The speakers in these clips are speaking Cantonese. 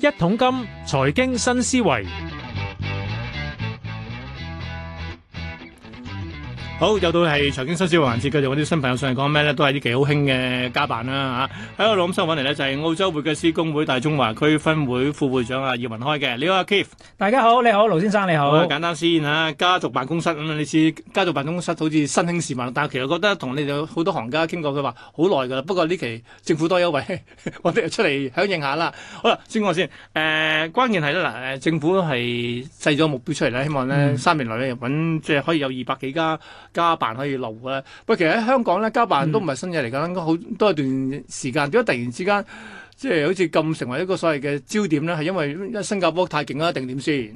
一桶金，財經新思維。好，又到係財經新聞環節，繼續搵啲新朋友上嚟講咩咧？都係啲幾好興嘅家辦啦，吓喺我咁新揾嚟咧，就係、是、澳洲會計師公會大中華區分會副會，副會長啊葉耘開嘅。你好，Keith 阿。大家好，你好，盧先生，你好。好簡單先啊，家族辦公室咁你類似家族辦公室，好似新興事物，但係其實覺得同你哋好多行家傾過，佢話好耐噶啦。不過呢期政府多優惠，我 哋出嚟響應下啦。好啦，先講先。誒、呃，關鍵係咧嗱，誒，政府係制咗目標出嚟啦，希望咧、嗯、三年內咧揾即係可以有二百幾家。家辦可以留咧，不過其實喺香港咧，家辦都唔係新嘢嚟噶啦，應該好、嗯、都係一段時間。點解突然之間即係、呃、好似咁成為一個所謂嘅焦點咧？係因為新加坡太勁啦，定點先？誒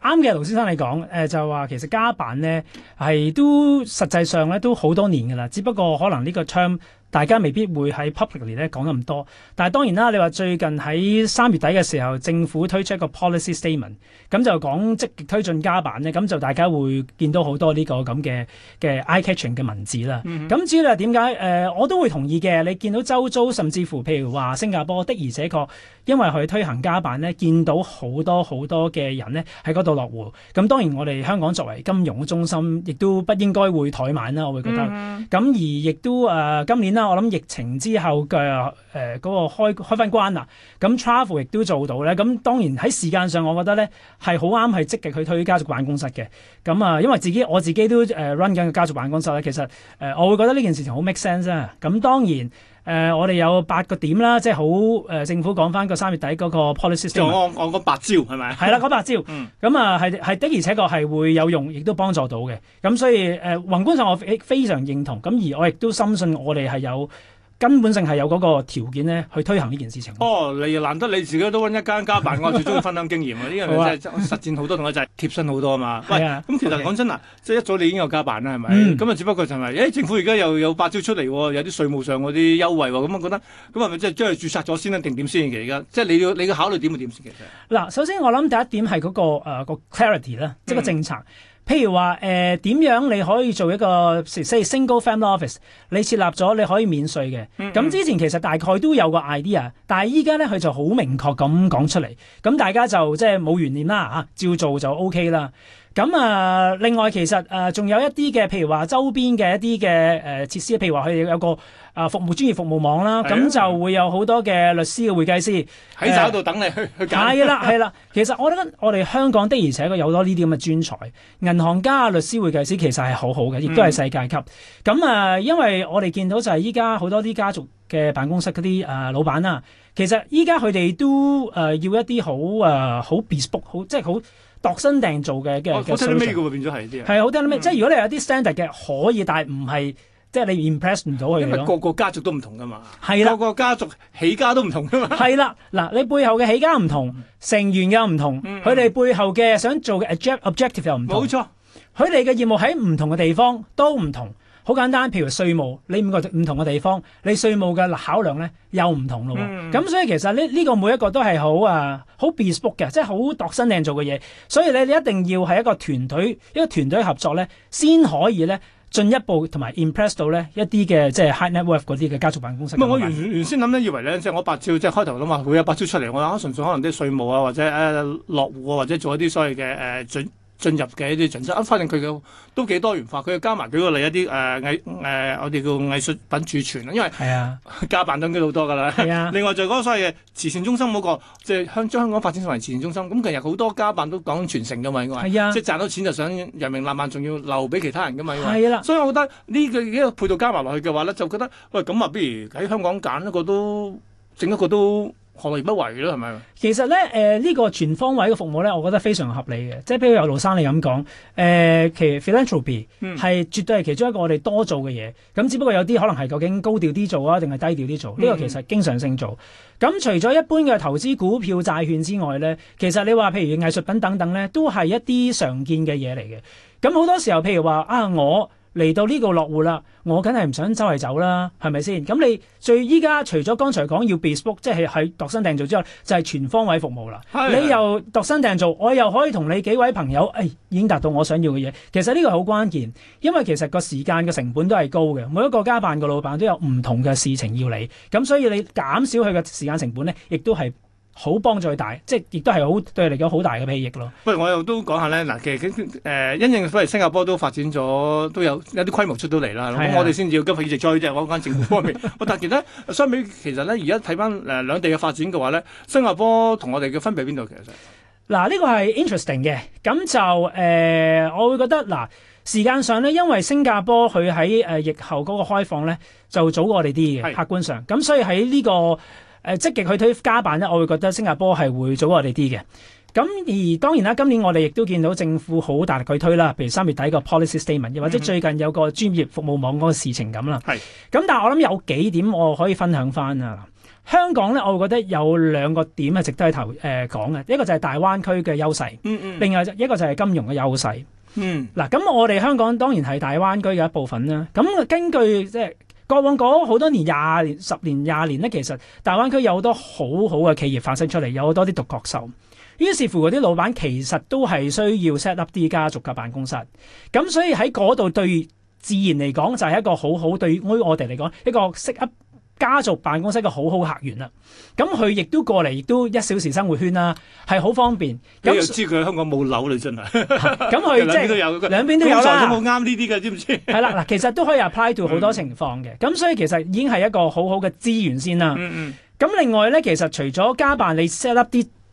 啱嘅，盧先生你講誒、呃、就話其實家辦咧係都實際上咧都好多年㗎啦，只不過可能呢個 term。大家未必會喺 publicly 咧講咁多，但係當然啦，你話最近喺三月底嘅時候，政府推出一個 policy statement，咁就講積極推進家辦咧，咁就大家會見到好多呢個咁嘅嘅、這個、eye-catching 嘅文字啦。咁、mm hmm. 至於點解？誒、呃、我都會同意嘅。你見到周遭甚至乎，譬如話新加坡的而且確因為佢推行家辦咧，見到好多好多嘅人咧喺嗰度落戶。咁當然我哋香港作為金融中心，亦都不應該會怠慢啦。我會覺得。咁、mm hmm. 而亦都誒、呃、今年啦。我諗疫情之後嘅誒、呃那個開開翻關啦，咁 travel 亦都做到咧。咁當然喺時間上，我覺得咧係好啱，係積極去推家族辦公室嘅。咁啊，因為自己我自己都誒 run 緊個家族辦公室咧，其實誒、呃、我會覺得呢件事情好 make sense 啊。咁當然。誒、呃，我哋有八個點啦，即係好誒，政府講翻個三月底嗰個 policy 就講講個八招係咪？係啦，個八招，咁啊係係的，嗯、的而且確係會有用，亦都幫助到嘅。咁所以誒、呃，宏觀上我非常認同，咁而我亦都深信我哋係有。根本性係有嗰個條件咧，去推行呢件事情。哦，你難得你自己都揾一間家辦， 我最中意分享經驗 啊！呢樣嘢真係實踐好多，同我 就係貼身好多啊嘛。唔係，咁、啊嗯、其實講真啊，okay. 即係一早你已經有家辦啦，係咪？咁啊、嗯，那只不過就係、是、誒、欸、政府而家又有八招出嚟，有啲稅務上嗰啲優惠喎。咁我覺得咁係咪即係將佢註冊咗先啦，定點先？而家即係你要你嘅考慮點嘅點先？其實嗱，即你你考慮首先我諗第一點係嗰、那個誒 clarity 咧，即、呃、係個政策。嗯譬如話，誒、呃、點樣你可以做一個、Say、single family office？你設立咗你可以免稅嘅。咁、嗯嗯、之前其實大概都有個 idea，但係依家呢，佢就好明確咁講出嚟，咁大家就即係冇懸念啦嚇，照做就 OK 啦。咁啊，另外其實誒，仲、呃、有一啲嘅，譬如話周邊嘅一啲嘅誒設施，譬如話佢哋有個啊、呃、服務專業服務網啦，咁的就會有好多嘅律師嘅會計師喺度的、呃、等你去去搞。係啦係啦，其實我覺得我哋香港的而且確有咗呢啲咁嘅專才，銀行家、律師、會計師其實係好好嘅，亦都係世界級。咁、嗯、啊，因為我哋見到就係依家好多啲家族嘅辦公室嗰啲啊老闆啦、啊，其實依家佢哋都誒、呃、要一啲好誒好 business book，好即係好。度身訂做嘅嘅嘅，好、啊、social 聽啲咩嘅喎，變咗係啲，係好聽啲咩？嗯、即係如果你有啲 standard 嘅可以，但係唔係即係你 impress 唔到佢咯。因為個個家族都唔同噶嘛，係啦的，個個家族起家都唔同噶嘛，係啦的。嗱、嗯，你背後嘅起家唔同，嗯、成員又唔同，佢哋、嗯嗯、背後嘅想做嘅 objective 又唔同，冇錯，佢哋嘅業務喺唔同嘅地方都唔同。好簡單，譬如稅務，你五個唔同嘅地方，你稅務嘅考量咧又唔同咯。咁、嗯、所以其實呢呢個每一個都係好啊，好 bespoke 嘅，即係好度身訂做嘅嘢。所以你你一定要係一個團隊，一個團隊合作咧，先可以咧進一步同埋 impress 到咧一啲嘅即係 high network 嗰啲嘅家族辦公室。唔係，我原吧原，原先諗咧，以為咧即係我八招即係開頭諗話會有八招出嚟，我純粹可能啲稅務啊，或者、呃、落戶啊，或者做一啲所謂嘅誒、呃、準。進入嘅一啲準則啊，發現佢嘅都幾多元化，佢又加埋幾個例一啲誒、呃、藝誒、呃、我哋叫藝術品儲存啊，因為家、啊、家辦都幾好多噶啦。係啊，另外就係嗰個所謂嘅慈善中心嗰、那個即係香將香港發展成為慈善中心。咁其實好多家辦都講傳承噶嘛，因為即係賺到錢就想揚名立萬，仲要留俾其他人噶嘛。係啦、啊，所以我覺得呢個呢個配套加埋落去嘅話咧，就覺得喂咁啊，哎、那不如喺香港揀一個都整一個都。何樂而不為咯，係咪？其實咧，呢、呃呢個全方位嘅服務咧，我覺得非常合理嘅。即係比如有盧生你咁講，誒、呃、其實 philanthropy 係、嗯、絕對係其中一個我哋多做嘅嘢。咁只不過有啲可能係究竟高調啲做啊，定係低調啲做？呢、呢個其實經常性做。咁、嗯、除咗一般嘅投資股票債券之外咧，其實你話譬如藝術品等等咧，都係一啲常見嘅嘢嚟嘅。咁好多時候，譬如話啊，我。嚟到呢度落戶啦，我梗係唔想周圍走啦，係咪先？咁你最依家除咗剛才講要 bespoke，即係係度身訂造之外，就係、是、全方位服務啦。的你又度身訂造，我又可以同你幾位朋友，哎，已經達到我想要嘅嘢。其實呢個好關鍵，因為其實個時間嘅成本都係高嘅。每一個家辦嘅老闆都有唔同嘅事情要你，咁所以你減少佢嘅時間成本呢，亦都係。好幫助大，即係亦都係好對嚟講好大嘅裨益咯。不如我又都講下咧嗱，其實誒、呃，因應所謂新加坡都發展咗，都有一啲規模出到嚟啦。咁的我哋先至要急起直追啫。嗰間政府方面，我突然係咧，相比其實咧，而家睇翻誒兩地嘅發展嘅話咧，新加坡同我哋嘅分別邊度其實？嗱，呢個係 interesting 嘅。咁就誒，我會覺得嗱，時間上咧，因為新加坡佢喺誒疫後嗰個開放咧，就早我哋啲嘅，客觀上。咁是所以喺呢、這個。誒積極去推家辦咧，我會覺得新加坡係會早我哋啲嘅。咁而當然啦，今年我哋亦都見到政府好大力去推啦，譬如三月底個 policy statement，又或者最近有個專業服務網嗰個事情咁啦。係是。咁但係我諗有幾點我可以分享翻啊？香港咧，我會覺得有兩個點係值得喺頭誒講嘅，一個就係大灣區嘅優勢，嗯嗯。另外一個就係金融嘅優勢，嗯。嗱，咁我哋香港當然係大灣區嘅一部分啦。咁根據即係。過往嗰好多年廿年、十年、廿年咧，其實大灣區有好多好好嘅企業發生出嚟，有好多啲獨角獸。於是乎嗰啲老闆其實都係需要 set up 啲家族嘅辦公室，咁所以喺嗰度對自然嚟講就係一個好好對於我哋嚟講一個適合。家族辦公室嘅好好客源啦，咁佢亦都過嚟，亦都一小時生活圈啦、啊，係好方便。咁又知佢香港冇樓啦，真係。咁佢即係兩邊都有，兩邊都有，兩邊都有啦。咁都冇啱呢啲㗎，知唔知？係啦，嗱，其實都可以 apply to 好多情況嘅，咁、嗯、所以其實已經係一個好好嘅資源先啦。嗯嗯。咁另外咧，其實除咗家辦，你 set up 啲。地誒啲，啊，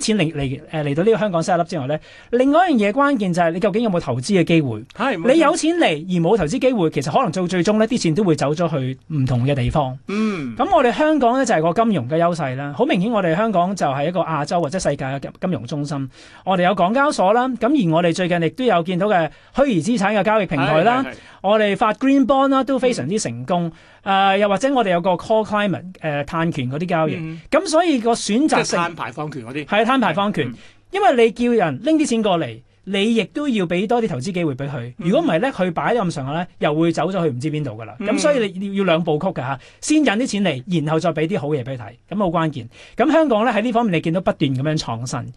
錢嚟嚟嚟到呢個香港曬粒之後咧，另外一樣嘢關鍵就係你究竟有冇投資嘅機會？Yes, 你有錢嚟而冇投資機會，其實可能到最終呢啲錢都會走咗去唔同嘅地方。嗯，咁我哋香港咧就係，是，個金融嘅優勢啦。好明顯，我哋香港就係一個亞洲或者世界嘅金融中心。我哋有港交所啦，咁而我哋最近亦都有見到嘅虛擬資產嘅交易平台啦。Yes, yes, yes. 我哋發 Green Bond 啦都非常之成功。Mm. 誒、呃，又或者我哋有個 Core Climate 誒碳權嗰啲交易，咁、嗯、所以個選擇性即係碳排放權嗰啲，係碳排放權，嗯、因為你叫人拎啲錢過嚟，你亦都要俾多啲投資機會俾佢。如果唔係咧，佢擺咁上下咧，又會走咗去唔知邊度噶啦。咁、嗯、所以你要要兩步曲嘅嚇，先引啲錢嚟，然後再俾啲好嘢俾佢睇，咁好關鍵。咁香港咧喺呢方面，你見到不斷咁樣創新。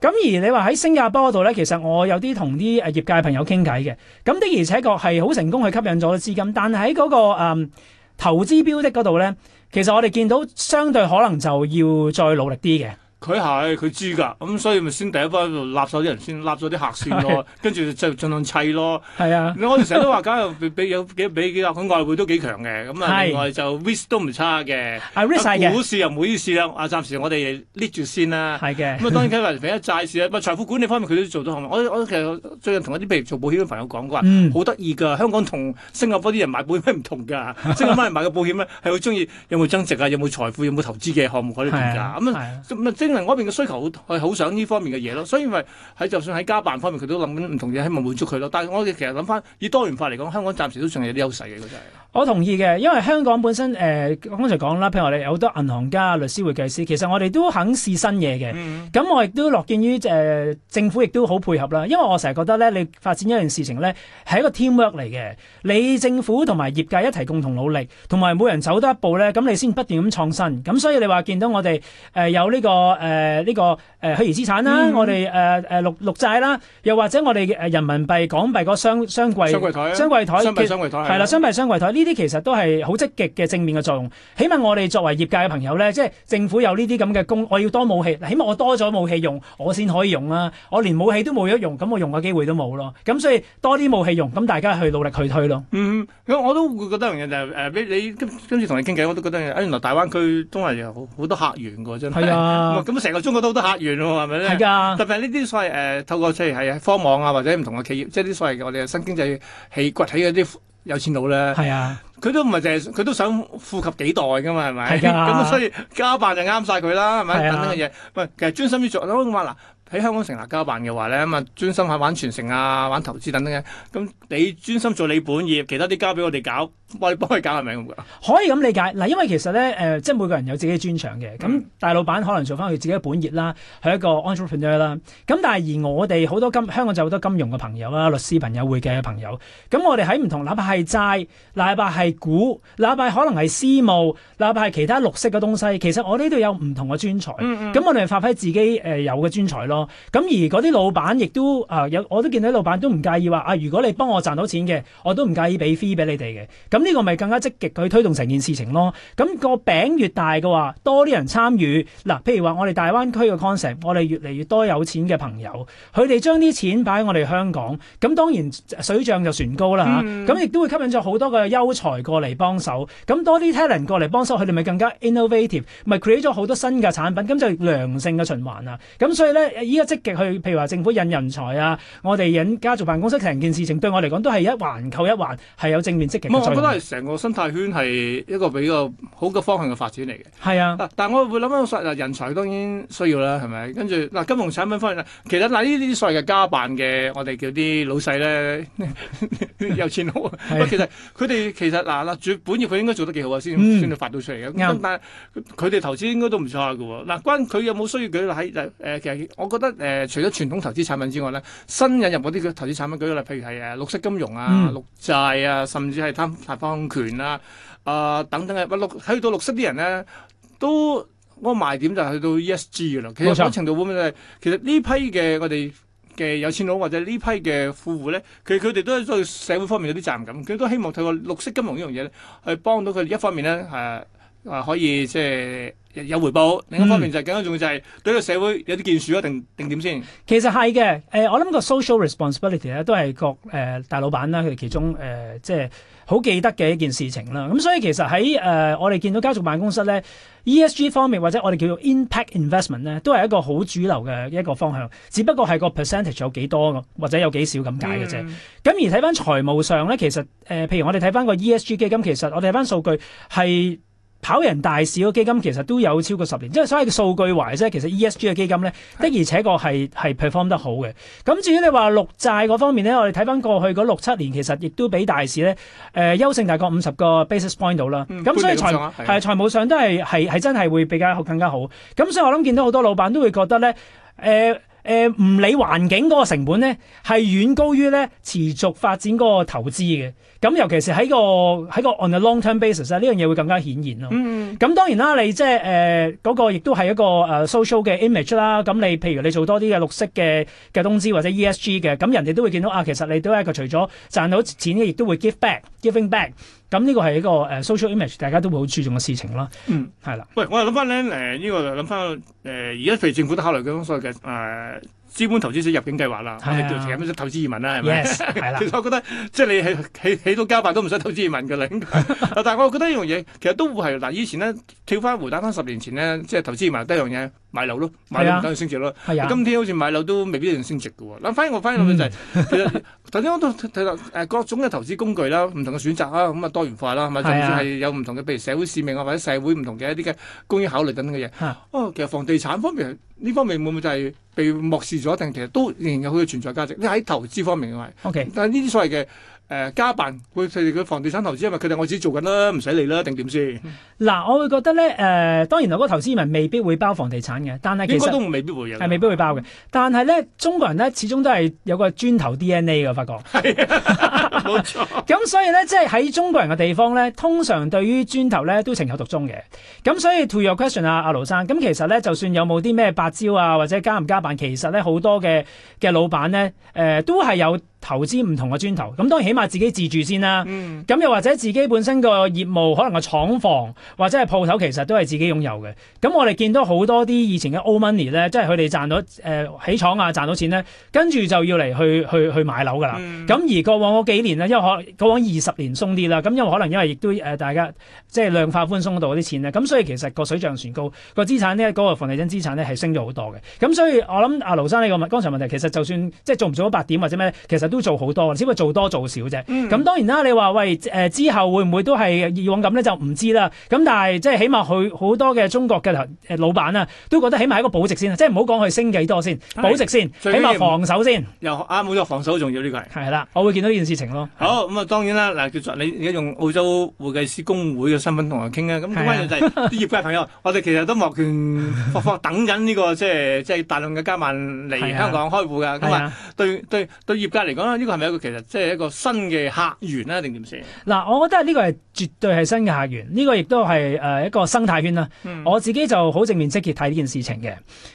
咁而你話喺新加坡度咧，其實我有啲同啲誒業界朋友傾偈嘅，咁的而且確係好成功去吸引咗資金，但喺嗰、那個、嗯投資標的嗰度咧，其實我哋見到相對可能就要再努力啲嘅。佢係佢知㗎，咁所以咪先第一波喺度攬咗啲人，先攬咗啲客先咯，的跟住就盡量砌咯。係啊的，我哋成日都話，假如俾有幾俾佢外匯都幾強嘅，咁啊，另外就 risk 都唔差嘅。係 risk 的股市又唔會試啦，啊暫時我哋 list 住先啦。咁啊的、嗯、當然睇埋另一債市啦。唔係財富管理方面佢都做到好。我我其實最近同一啲譬如做保險嘅朋友講過，好得意㗎。香港同新加坡啲人買保險咩唔同㗎？ 新加坡人買嘅保險咧係好中意有冇增值啊，有冇財富，有冇投資嘅項目喺度㗎。咁咁啊我邊嘅需求好，好想呢方面嘅嘢咯，所以咪喺就算喺家辦方面他想不，佢都諗緊唔同嘢，希望滿足佢咯。但係我哋其實諗翻，以多元化嚟講，香港暫時都仲有啲優勢嘅，嗰陣。我同意嘅，因為香港本身誒，我、呃、剛才講啦，譬如我哋有好多銀行家、律師、會計師，其實我哋都肯試新嘢嘅。咁、嗯嗯、我亦都樂見於誒、呃，政府亦都好配合啦。因為我成日覺得咧，你發展一樣事情咧，係一個 teamwork 嚟嘅。你政府同埋業界一齊共同努力，同埋每人走多一步咧，咁你先不斷咁創新。咁所以你話見到我哋誒、呃、有呢、這個。誒呢、呃這個誒虛擬資產啦、啊，嗯、我哋誒誒綠綠債啦、啊，又或者我哋誒人民幣港幣個雙雙櫃雙櫃台雙幣雙櫃台係啦，雙幣其雙櫃台呢啲其實都係好積極嘅正面嘅作用。起碼我哋作為業界嘅朋友咧，即係政府有呢啲咁嘅工，我要多武器。起碼我多咗武器用，我先可以用啦、啊。我連武器都冇得用，咁我用嘅機會都冇咯。咁所以多啲武器用，咁大家去努力去推咯。嗯，咁我都會覺得樣嘢就係誒，你今今次同你傾偈，我都覺得，、呃、都覺得原來大灣區都係有好多客源㗎喎，真係。啊。咁成個中國都好多客源喎、啊，係咪咧？係㗎、啊，特別係呢啲所謂誒、呃、透過譬如係科網啊，或者唔同嘅企業，即係啲所謂我哋新經濟起崛起嗰啲有錢佬咧。係啊，佢都唔係淨係，佢都想富及幾代㗎、啊、嘛，係咪？係咁、啊、所以家辦就啱晒佢啦，係咪？啊、等等嘅嘢，喂，其實專心於做，我都話喺香港成立家辦嘅話咧，咁啊專心喺玩傳承啊、玩投資等等嘅。咁你專心做你本業，其他啲交俾我哋搞，我哋幫佢搞，係咪？可以咁理解嗱？因為其實咧、呃，即係每個人有自己嘅專長嘅。咁大老闆可能做翻佢自己嘅本業啦，係一個 entrepreneur 啦。咁但係而我哋好多金香港就有好多金融嘅朋友啦、律師朋友、會計嘅朋友。咁我哋喺唔同，哪怕係債，哪怕係股，哪怕可能係私募，哪怕係其他綠色嘅東西，其實我哋都有唔同嘅專才。咁、嗯嗯、我哋發揮自己、呃、有嘅專才咯。咁、啊、而嗰啲老闆亦都啊有，我都見到啲老闆都唔介意話啊，如果你幫我賺到錢嘅，我都唔介意俾 fee 俾你哋嘅。咁呢個咪更加積極去推動成件事情咯。咁、個餅越大嘅話，多啲人參與。嗱、啊，譬如話我哋大灣區嘅 concept，我哋越嚟越多有錢嘅朋友，佢哋將啲錢擺喺我哋香港，咁當然水漲就船高啦嚇。咁亦都會吸引咗好多嘅優才過嚟幫手。咁多啲 talent 過嚟幫手，佢哋咪更加 innovative，咪 create 咗好多新嘅產品。咁就良性嘅循環啊。咁所以咧。依家積極去，譬如話政府引人才啊，我哋引家族辦公室成件事情，對我嚟講都係一環扣一環，係有正面積極嘅作用。我覺得係成個生態圈係一個比較好嘅方向嘅發展嚟嘅。係啊，但係我會諗人才當然需要啦，係咪？跟住嗱金融產品方面，其實嗱呢啲所謂嘅家辦嘅，我哋叫啲老細咧有錢佬。唔其實佢哋其實嗱嗱本業佢應該做得幾好啊，先先至發到出嚟嘅。嗯、但佢哋投資應該都唔錯嘅嗱關佢有冇需要佢喺誒，其實我，覺得誒、呃，除咗傳統投資產品之外咧，新引入嗰啲嘅投資產品，舉例譬如係誒綠色金融啊、嗯、綠債啊，甚至係碳排放權啦、啊、啊、呃、等等嘅，不綠去到綠色啲人咧，都個賣點就係去到 ESG 嘅啦。冇錯。其實某程度會唔會係其實呢批嘅我哋嘅有錢佬或者這批的夫婦呢批嘅富戶咧，其佢哋都係對社會方面有啲責任感，佢都希望透過綠色金融東西呢樣嘢咧，去幫到佢哋。一方面咧，誒、啊、誒、啊、可以即係。有回報，另一方面就係、是嗯、更加重要就係對個社會有啲建樹咯，定定點先。其實係嘅、呃，我諗個 social responsibility 咧都係個、呃、大老闆啦，佢哋其中即係好記得嘅一件事情啦。咁、嗯、所以其實喺誒、呃、我哋見到家族辦公室咧，ESG 方面或者我哋叫做 impact investment 咧，都係一個好主流嘅一個方向。只不過係個 percentage 有幾多，或者有幾少咁解嘅啫。咁、嗯、而睇翻財務上咧，其實、呃、譬如我哋睇翻個 ESG 基金，其實我哋睇翻數據係。跑贏大市嘅基金其實都有超過十年，即係所謂數據話啫。其實 E S G 嘅基金咧的而且確係係的 perform 得好嘅。咁至於你話綠債嗰方面咧，我哋睇翻過去嗰六七年其實亦都比大市咧誒優勝大概五十個 basis point 度啦。咁、嗯、所以財係財務上都係係係真係會比較更加好。咁所以我諗見到好多老闆都會覺得咧誒。呃誒唔、呃、理環境嗰個成本咧，係遠高於咧持續發展嗰個投資嘅。咁尤其是喺個喺個 on a long term basis，呢樣嘢會更加顯現咯。咁、mm hmm. 當然啦，你即係誒嗰個亦都係一個 social 嘅 image 啦。咁你譬如你做多啲嘅綠色嘅嘅東資或者 ESG 嘅，咁人哋都會見到啊。其實你都係一個除咗賺到錢嘅，亦都會 give back giving back。咁呢、嗯這個係一個誒 social image，大家都會好注重嘅事情咯。嗯，係啦的。喂，我又諗翻咧，誒、呃、呢、這個就諗翻誒而家肥政府都考慮緊所謂嘅誒資本投資者入境計劃啦。我哋叫咩？投資移民啦，係咪？Yes，係啦。 其實我覺得即係你起起到家辦都唔使投資移民嘅啦， 但係我覺得呢樣嘢，其實都係嗱，以前咧跳翻回胡打翻十年前咧，即係投資移民第一樣嘢。買樓咯，買樓唔等佢升值咯。啊啊、今天好似買樓都未必一定升值嘅喎。嗱，反而我反而諗就係、是嗯、 其實頭先我都睇到誒各種嘅投資工具啦，唔同嘅選擇啦，咁啊多元化啦，係咪？甚至係有唔同嘅，譬如社會使命啊，或者社會唔同嘅一啲嘅公允考慮等等嘅嘢。啊、哦，其實房地產方面呢方面會唔會就係被漠視咗？定其實都仍然有佢嘅存在價值。你喺投資方面嘅話，Okay. 但係呢啲所謂嘅。誒家、呃、辦，佢佢佢房地產投資，因為佢哋我自己做緊啦，唔使理啦，定點先？嗱，我會覺得咧，誒、呃、當然有個投資移民未必會包房地產嘅，但係其實都未必會有，未必會包嘅。但係咧，中國人咧始終都係有個磚頭 DNA 嘅，我發覺冇、啊、錯。咁、 嗯、所以咧，即係喺中國人嘅地方咧，通常對於磚頭咧都情有獨鍾嘅。咁、嗯、所以 to your question 啊，阿盧生，咁、嗯、其實咧，就算有冇啲咩白招啊，或者加唔加辦，其實咧好多嘅嘅老闆咧，誒、呃、都係有。投資唔同嘅磚頭，咁當然起碼自己自住先啦、啊。咁、嗯、又或者自己本身個業務可能個廠房或者係鋪頭，其實都係自己擁有嘅。咁我哋見到好多啲以前嘅 old money 咧，即係佢哋賺到誒、呃、起廠啊，賺到錢咧，跟住就要嚟去去去買樓㗎啦。咁、嗯、而過往嗰幾年啦，因為可能過往二十年鬆啲啦，咁因為可能因為亦都、呃、大家即係量化寬鬆到度嗰啲錢咧，咁所以其實個水漲船高，個資產咧嗰、那個房地產資產咧係升咗好多嘅。咁所以我諗阿盧生呢個剛才問題，其實就算即係做唔做到八點或者咩，其實都做好多，只不過做多做少啫。咁當然啦，你話喂誒之後會唔會都係以往咁咧？就唔知啦。咁但係即係起碼佢好多嘅中國嘅頭老闆啊，都覺得起碼係一個保值先。即係唔好講佢升幾多先，保值先，起碼防守先。又啱好咗防守好重要呢個係。係啦，我會見到呢件事情咯。好咁啊，當然啦嗱，叫你而家用澳洲會計師公會嘅身份同我傾啊。咁另一方面就係啲業界朋友，我哋其實都莫權莫放等緊呢個即係即係大量嘅家辦嚟香港開戶㗎。咁啊，對對對業界嚟講。呢、啊這個係咪一個其實即係一個新嘅客源咧，定點先？嗱、啊，我覺得呢個係絕對係新嘅客源，呢、這個亦都係誒一個生態圈啦。嗯、我自己就好正面積極睇呢件事情嘅。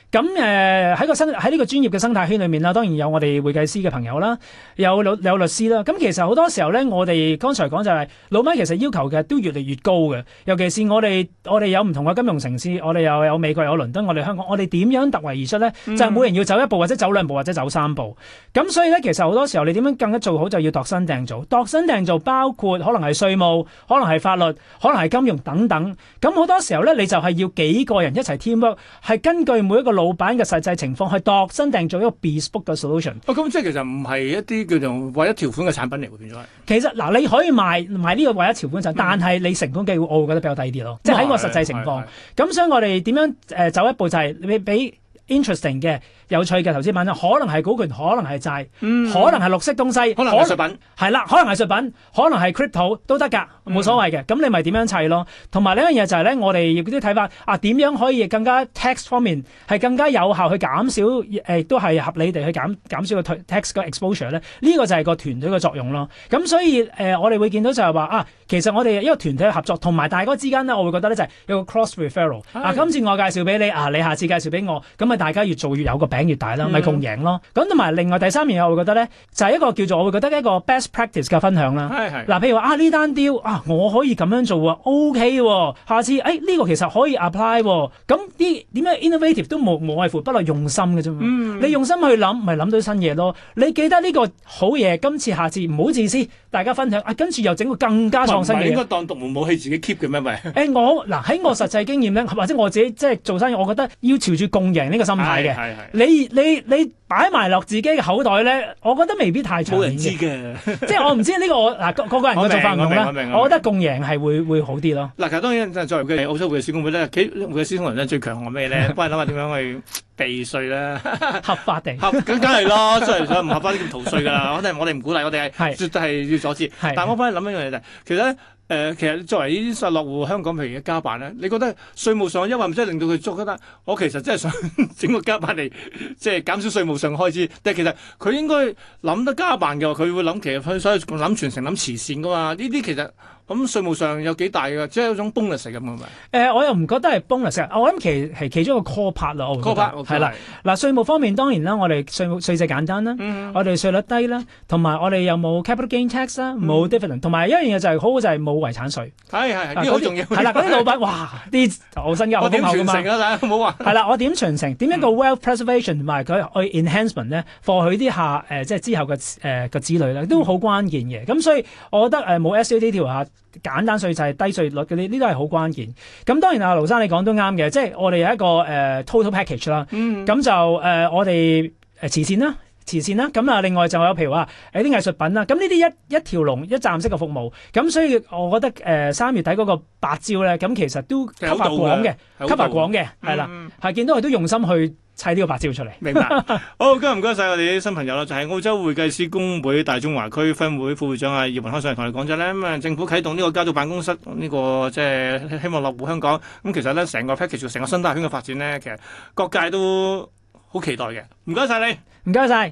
咁誒喺個，個專業的生喺呢個專業嘅生態圈裏面啦，當然有我哋會計師嘅朋友啦，有律有律師啦。咁其實好多時候呢，我哋剛才講就係、是、老闆其實要求嘅都越嚟越高嘅，尤其是我哋我哋有唔同嘅金融城市，我哋又有，有美國有倫敦，我哋香港，我哋點樣突圍而出呢？嗯、就係每人要走一步，或者走兩步，或者走三步。咁所以呢，其實好多時。由你點樣更加做好就要度身訂造，度身訂造包括可能係稅務，可能係法律，可能係金融等等。咁好多時候咧，你就係要幾個人一齊 teamwork，係根據每一個老闆嘅實際情況去度身訂造一個 bespoke 嘅 solution。啊，咁即係其實唔係一啲叫做為一條款嘅產品嚟，會變咗。其實嗱，你可以賣賣呢、這個為一條款產品，嗯、但係你成功機會，我會覺得比較低啲咯。嗯、即係喺個實際情況。咁、嗯嗯嗯、所以我哋點樣誒、呃、走一步就係、是、你俾。你 interesting 嘅、有趣嘅投資品可能係股權，可能係債，嗯、可能係綠色東西，可能藝術品，係啦，可能藝術品，可能係 crypto 都得噶，冇所謂嘅。咁、嗯、你咪點樣砌咯？同埋另一樣嘢就係咧，我哋亦都睇返啊，點樣可以更加 tax 方面係更加有效去減少、呃、都係合理地去減，減少個 tax 嘅 exposure 咧？呢、呢個就係個團隊嘅作用咯。咁所以誒、呃，我哋會見到就係話啊，其實我哋一個團隊嘅合作同埋大哥之間咧，我會覺得咧就係、是、有個 cross referral。啊，啊今次我介紹俾你啊，你下次介紹俾我咁啊。大家越做越有個餅越大啦，咪共贏咯。咁同埋另外第三樣嘢，我會覺得咧，就係、是、一個叫做我會覺得一個 best practice 嘅分享啦。係係是。嗱，譬如話啊呢單 deal 啊，我可以咁樣做喎，OK 喎、哦。下次誒呢、哎這個其實可以 apply 喎、哦。咁啲點樣 innovative 都冇？無外乎不落用心嘅啫。嗯。你用心去諗，咪諗到新嘢咯。你記得呢個好嘢，今次下次唔好自私，大家分享啊，跟住又整個更加創新嘅嘢。唔係應該當獨門武器自己 keep 嘅咩？咪誒、哎、我嗱喺、啊、我實際經驗咧， 或者我自己即係、就是、做生意，我覺得要朝住共贏呢、這個。心態嘅，你你你擺埋落自己嘅口袋咧，我覺得未必太人知嘅。即係我唔知呢個我嗱，個 個人嘅做法啦。我覺得共贏係會會好啲咯。嗱，其實當然作為澳洲會計師公會呢會咧，佢會計師人咧最強我咩咧？幫你諗下點樣去避稅咧？ 合法地合，咁梗係啦， 所以唔合法啲咁逃稅噶啦。我哋我哋唔鼓勵，我哋係是絕對係要阻止。是但我幫你諗一樣嘢，就係，其實咧。誒、呃，其實作為呢啲落戶香港譬如嘅家辦咧，你覺得稅務上嘅優惠唔使令到佢捉得，得我其實真係想整個家辦嚟，即、就、係、是、減少稅務上開開支。但係其實佢應該諗得家辦嘅，佢會諗其實佢所以諗全程諗慈善㗎嘛、啊？呢啲其實。咁稅務上有幾大嘅，即係有種 bonus 嚟㗎嘛，係咪？誒，我又唔覺得係 bonus 我諗其其其中一個 core part 咯，我 core part，係啦。嗱，稅務方面當然啦，我哋稅稅制簡單啦，我哋稅率低啦，同埋我哋又冇 capital gain tax 啦，冇 different，同埋一樣嘢就係好嘅就係冇遺產稅。係係，呢個好重要。係啦，嗰啲老闆哇，啲我身家好厚嘛我點傳承啊？大家唔好話。係啦，我點傳承？點樣個 wealth preservation 同埋佢去 enhancement 咧，放許啲下誒，即係之後嘅誒個子女咧，都好關鍵嘅。咁所以，我覺得誒冇 SOD 條啊。簡單稅制、低稅率嗰啲，呢都係好關鍵。咁當然啊，盧生你講都啱嘅，即係我哋有一個誒、uh, total package 啦。嗯，嗯。咁就誒、uh, 我哋誒慈善啦，慈善啦。咁啊，另外就有譬如話有啲藝術品啦。咁呢啲一一條龍一站式嘅服務。咁所以我覺得誒三、uh, 月底嗰個八招咧，咁其實都吸度廣嘅，吸度廣嘅，係啦，係的、嗯嗯、見到佢都用心去。砌呢個白蕉出嚟，明白。 好，今日唔該晒我哋啲新朋友啦，就係、是、澳洲會計師公會大中華區分會副會長啊葉耘開上嚟同你講咗咧，咁啊政府啟動呢個家族辦公室呢、這個即係、就是、希望落戶香港，咁其實咧成個 package 成個生態圈嘅發展咧，其實各界都好期待嘅。唔該晒你，唔該晒。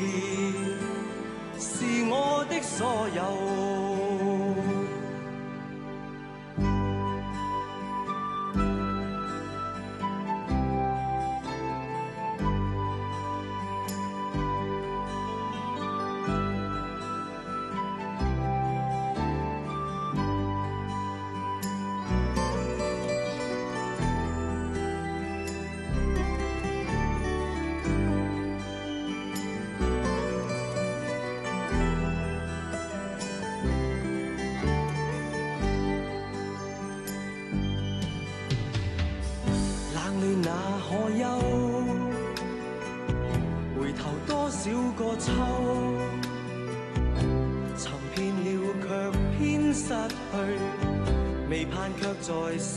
是我的所有。